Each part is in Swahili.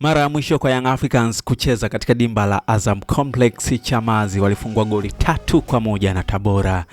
Mara ya mwisho kwa Young Africans kucheza katika dimba la Azam Complex Chamazi walifungwa goli tatu kwa moja na Tabora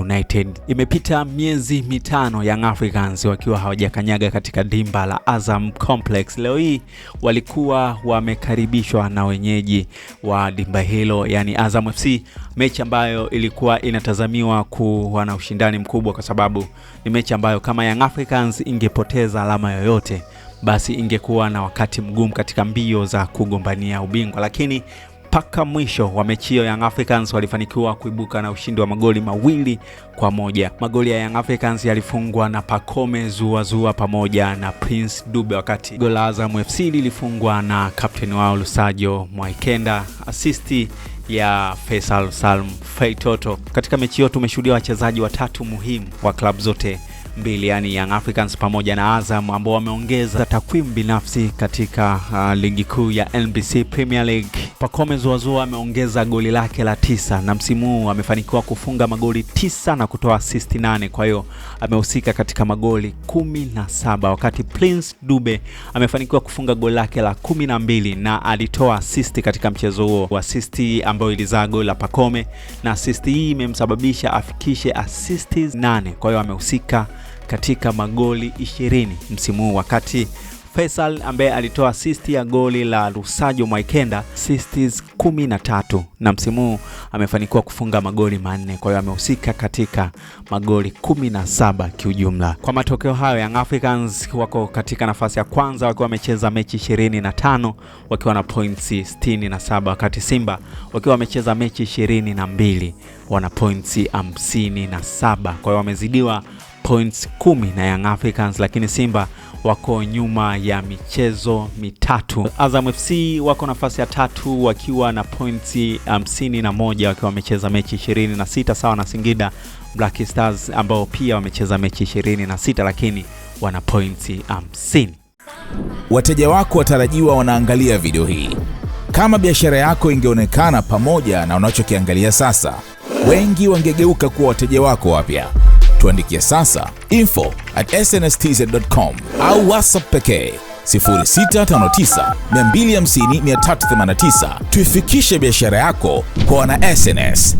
United. Imepita miezi mitano Young Africans wakiwa hawajakanyaga katika dimba la Azam Complex. Leo hii walikuwa wamekaribishwa na wenyeji wa dimba hilo, yani Azam FC, mechi ambayo ilikuwa inatazamiwa kuwa na ushindani mkubwa, kwa sababu ni mechi ambayo kama Young Africans ingepoteza alama yoyote basi ingekuwa na wakati mgumu katika mbio za kugombania ubingwa, lakini mpaka mwisho wa mechi hiyo Young Africans walifanikiwa kuibuka na ushindi wa magoli mawili kwa moja. Magoli ya Young Africans yalifungwa na Pacome Zuazua pamoja na Prince Dube, wakati gola la Azam FC lilifungwa na kapteni wao Lusajo Mwaikenda, asisti ya Faisal salm Feitoto. Katika mechi hiyo tumeshuhudia wachezaji watatu muhimu wa klabu zote mbili, yani Young Africans pamoja na Azam ambao wameongeza takwimu binafsi katika uh, ligi kuu ya NBC Premier League. Pacome Zuazua ameongeza goli lake la tisa na msimu huu amefanikiwa kufunga magoli tisa na kutoa assist nane, kwa hiyo amehusika katika magoli kumi na saba wakati Prince Dube amefanikiwa kufunga goli lake la kumi na mbili na alitoa assist katika mchezo huo, assist ambayo ilizaa goli la Pacome, na assist hii imemsababisha afikishe asisti nane, kwa hiyo amehusika katika magoli ishirini msimu huu wakati Faisal ambaye alitoa asisti ya goli la Lusajo Mwaikenda, assists 13 na msimu huu amefanikiwa kufunga magoli manne, kwa hiyo amehusika katika magoli 17 kiujumla. Kwa matokeo hayo, Young Africans wako katika nafasi ya kwanza wakiwa wamecheza mechi 25 wakiwa na points 67, wakati Simba wakiwa wamecheza mechi 22 wana points 57, kwa hiyo wamezidiwa points kumi na Young Africans, lakini Simba wako nyuma ya michezo mitatu. Azam FC wako nafasi ya tatu wakiwa na pointi 51 na moja wakiwa wamecheza mechi ishirini na sita sawa na Singida Black Stars ambao pia wamecheza mechi ishirini na sita lakini wana pointi 50 Wateja wako watarajiwa wanaangalia video hii. Kama biashara yako ingeonekana pamoja na unachokiangalia sasa, wengi wangegeuka kuwa wateja wako wapya tuandikia sasa info at snstz.com au whatsapp pekee 0659 250 389. Tuifikishe biashara yako kwa wana SNS.